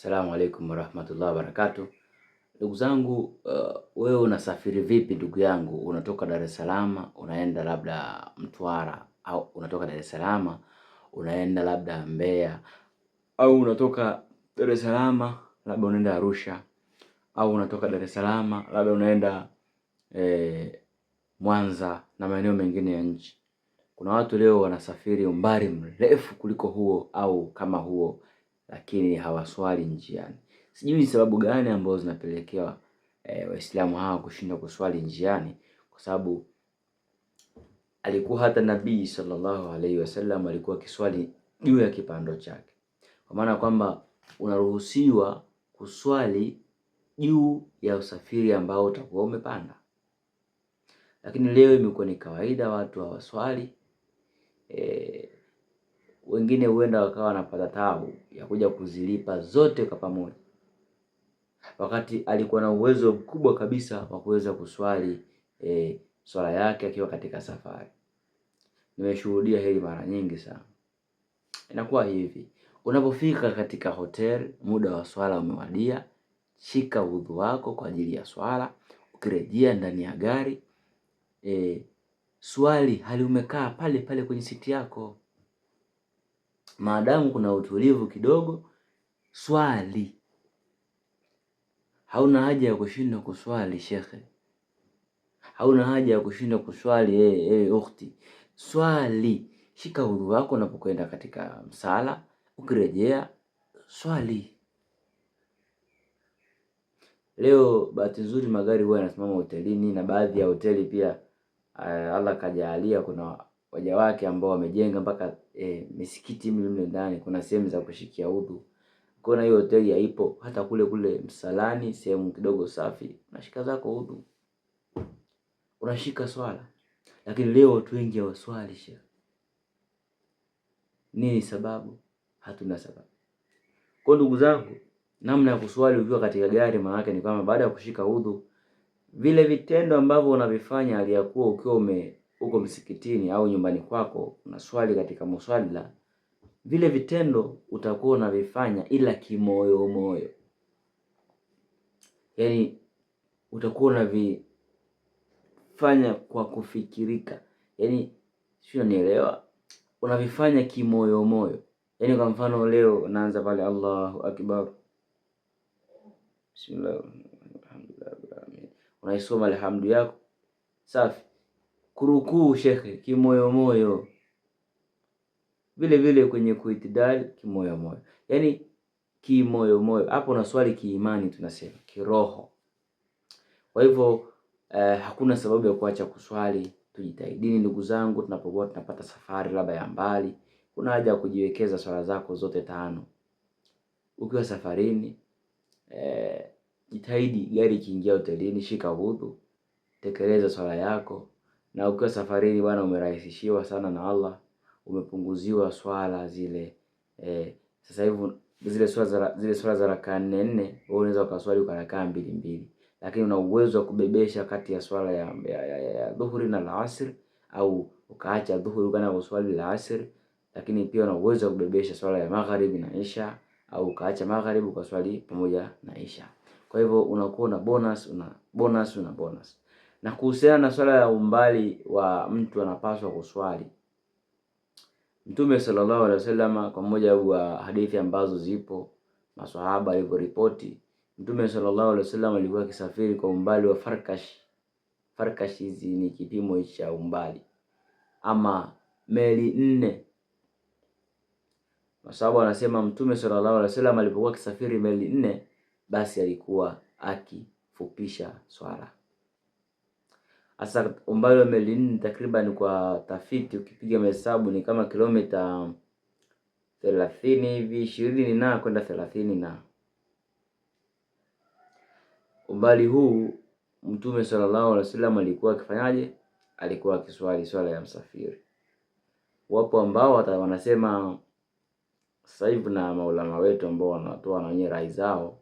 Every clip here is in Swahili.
Assalamu alaikum warahmatullahi wabarakatu Ndugu zangu, uh, wewe unasafiri vipi ndugu yangu? Unatoka Dar es Salaam unaenda labda Mtwara, au unatoka Dar es Salaam unaenda labda Mbeya, au unatoka Dar es Salaam labda unaenda Arusha, au unatoka Dar es Salaam labda unaenda eh, Mwanza na maeneo mengine ya nchi. Kuna watu leo wanasafiri umbali mrefu kuliko huo au kama huo lakini hawaswali njiani. Sijui ni sababu gani ambazo zinapelekea e, Waislamu hawa kushindwa kuswali njiani, kwa sababu alikuwa hata Nabii sallallahu alaihi wasallam alikuwa akiswali juu ya kipando chake, kwa maana kwamba unaruhusiwa kuswali juu ya usafiri ambao utakuwa umepanda, lakini leo imekuwa ni kawaida watu hawaswali e, wengine huenda wakawa wanapata tabu ya kuja kuzilipa zote kwa pamoja, wakati alikuwa na uwezo mkubwa kabisa wa kuweza kuswali e, swala yake akiwa katika safari. Nimeshuhudia hili mara nyingi sana. Inakuwa hivi, unapofika katika hoteli, muda wa swala umewadia, shika udhu wako kwa ajili ya swala. Ukirejea ndani ya gari e, swali hali umekaa pale pale kwenye siti yako maadamu kuna utulivu kidogo, swali. Hauna haja ya kushinda kuswali shekhe, hauna haja ya kushinda kuswali hey, eh, eh, hey, ukhti, swali. Shika udhu wako unapokwenda katika msala, ukirejea swali. Leo bahati nzuri magari huwa yanasimama hotelini na baadhi ya hoteli pia, eh, Allah kajaalia kuna waja wake ambao wamejenga mpaka e, misikiti mle mle ndani, kuna sehemu za kushikia udhu. Ukiona hiyo hoteli haipo, hata kule kule msalani, sehemu kidogo safi, unashika zako udhu, unashika swala. Lakini leo watu wengi hawaswali shehe. Nini sababu? Hatuna sababu. Kwa ndugu zangu, namna ya kuswali ukiwa katika gari, maanake ni kama baada ya kushika udhu, vile vitendo ambavyo unavifanya aliyakuwa ukiwa ume uko msikitini au nyumbani kwako unaswali katika muswala, vile vitendo utakuwa unavifanya ila kimoyo moyo, yaani utakuwa unavifanya kwa kufikirika, yaani sio, nielewa, unavifanya kimoyo moyo, yaani kwa mfano leo naanza pale Allahu akbar, bismillah, alhamdulillah, unaisoma alhamdu yako safi kurukuu shekhe, kimoyomoyo, vile vile kwenye kuitidali kimoyomoyo, yaani kimoyomoyo. Hapo swali kiimani, tunasema kiroho. Kwa hivyo eh, hakuna sababu ya kuacha kuswali. Tujitahidini ndugu zangu, tunapokuwa tunapata safari labda ya mbali, kuna haja ya kujiwekeza swala zako zote tano ukiwa safarini. Eh, jitahidi gari ikiingia hotelini, shika hudhu, tekeleza swala yako na ukiwa safarini bwana, umerahisishiwa sana na Allah, umepunguziwa swala zile eh, sasa hivi zile swala za zile swala za rakaa nne nne, wewe unaweza ukaswali ukarakaa mbili mbili, lakini una uwezo wa kubebesha kati ya swala ya, ya, ya, ya ya dhuhuri na la asr, au ukaacha dhuhuri ukaenda kuswali la asr. lakini pia una uwezo wa kubebesha swala ya magharibi na isha, au ukaacha magharibi ukaswali pamoja na isha. Kwa hivyo unakuwa una bonus una bonus una bonus. Na kuhusiana na swala ya umbali wa mtu anapaswa kuswali, Mtume sallallahu alaihi wasallam, kwa moja wa hadithi ambazo zipo maswahaba alivyoripoti, Mtume sallallahu alaihi wasallam alikuwa akisafiri kwa umbali wa farkash. Farkash hizi ni kipimo cha umbali ama meli nne. Masahaba wanasema Mtume sallallahu alaihi wasallam alipokuwa akisafiri meli nne, basi alikuwa akifupisha swala hasa umbali wa meli nne takriban kwa tafiti, ukipiga mahesabu ni kama kilomita thelathini hivi, ishirini na kwenda thelathini na umbali huu Mtume sallallahu alaihi wasallam alikuwa akifanyaje? Alikuwa akiswali swala ya msafiri. Wapo ambao hata wanasema sasa hivi na maulama wetu ambao wanatoa na wenye rai zao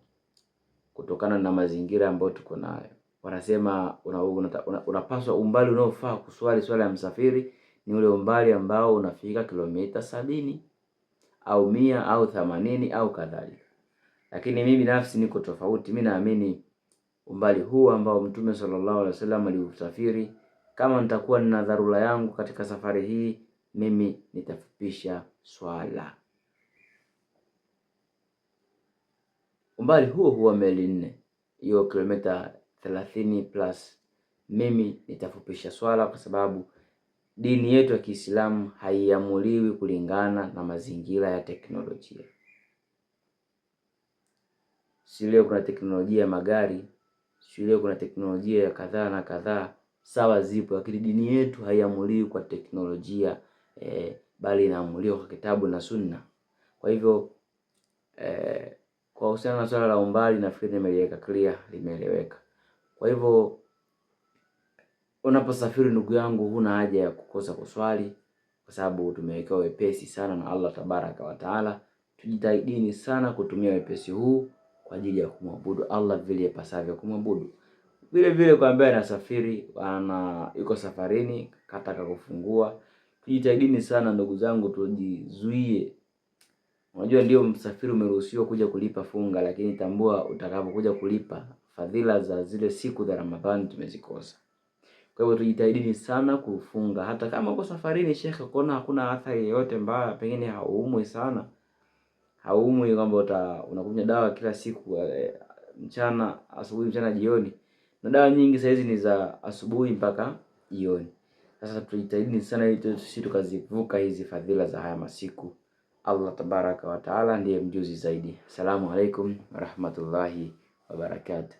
kutokana na mazingira ambayo tuko nayo wanasema unapaswa una, una, una umbali unaofaa kuswali swala ya msafiri ni ule umbali ambao unafika kilomita sabini au mia au themanini au kadhalika. Lakini mimi binafsi niko tofauti. mi naamini umbali huu ambao Mtume sallallahu alaihi wasallam aliusafiri, kama nitakuwa nina dharura yangu katika safari hii, mimi nitafupisha swala. Umbali huo huwa meli nne, hiyo kilomita thelathini plus. Mimi nitafupisha swala kwa sababu dini yetu ya Kiislamu haiamuliwi kulingana na mazingira ya teknolojia. Si leo kuna teknolojia ya magari, si leo kuna teknolojia ya kadhaa na kadhaa, sawa zipo, lakini dini yetu haiamuliwi kwa teknolojia e, bali inaamuliwa kwa kitabu na Sunna. Kwa hivyo e, kwa husiana na swala la umbali, nafikiri nimeliweka clear, limeeleweka. Kwa hivyo unaposafiri ndugu yangu, huna haja ya kukosa kuswali kwa sababu tumewekewa wepesi sana na Allah tabaraka wa taala. Tujitahidini sana kutumia wepesi huu kwa ajili ya kumwabudu Allah vile ipasavyo kumwabudu. Vile vile kwa ambaye anasafiri ana yuko safarini kataka kufungua, tujitahidini sana ndugu zangu, tujizuie. Unajua ndio msafiri umeruhusiwa kuja kulipa funga, lakini tambua utakapokuja kulipa fadhila za zile siku za Ramadhani tumezikosa. Kwa hivyo tujitahidini sana kufunga, hata kama uko safarini shekhe, kuona hakuna athari yoyote mbaya, pengine hauumwi sana, hauumwi kwamba unakunywa dawa kila siku e, mchana, asubuhi, mchana, jioni, na dawa nyingi saizi ni za asubuhi mpaka jioni. Sasa tujitahidini sana ili sisi tukazivuka hizi fadhila za haya masiku. Allah tabaraka wa taala ndiye mjuzi zaidi. Assalamu alaikum warahmatullahi wabarakatuh.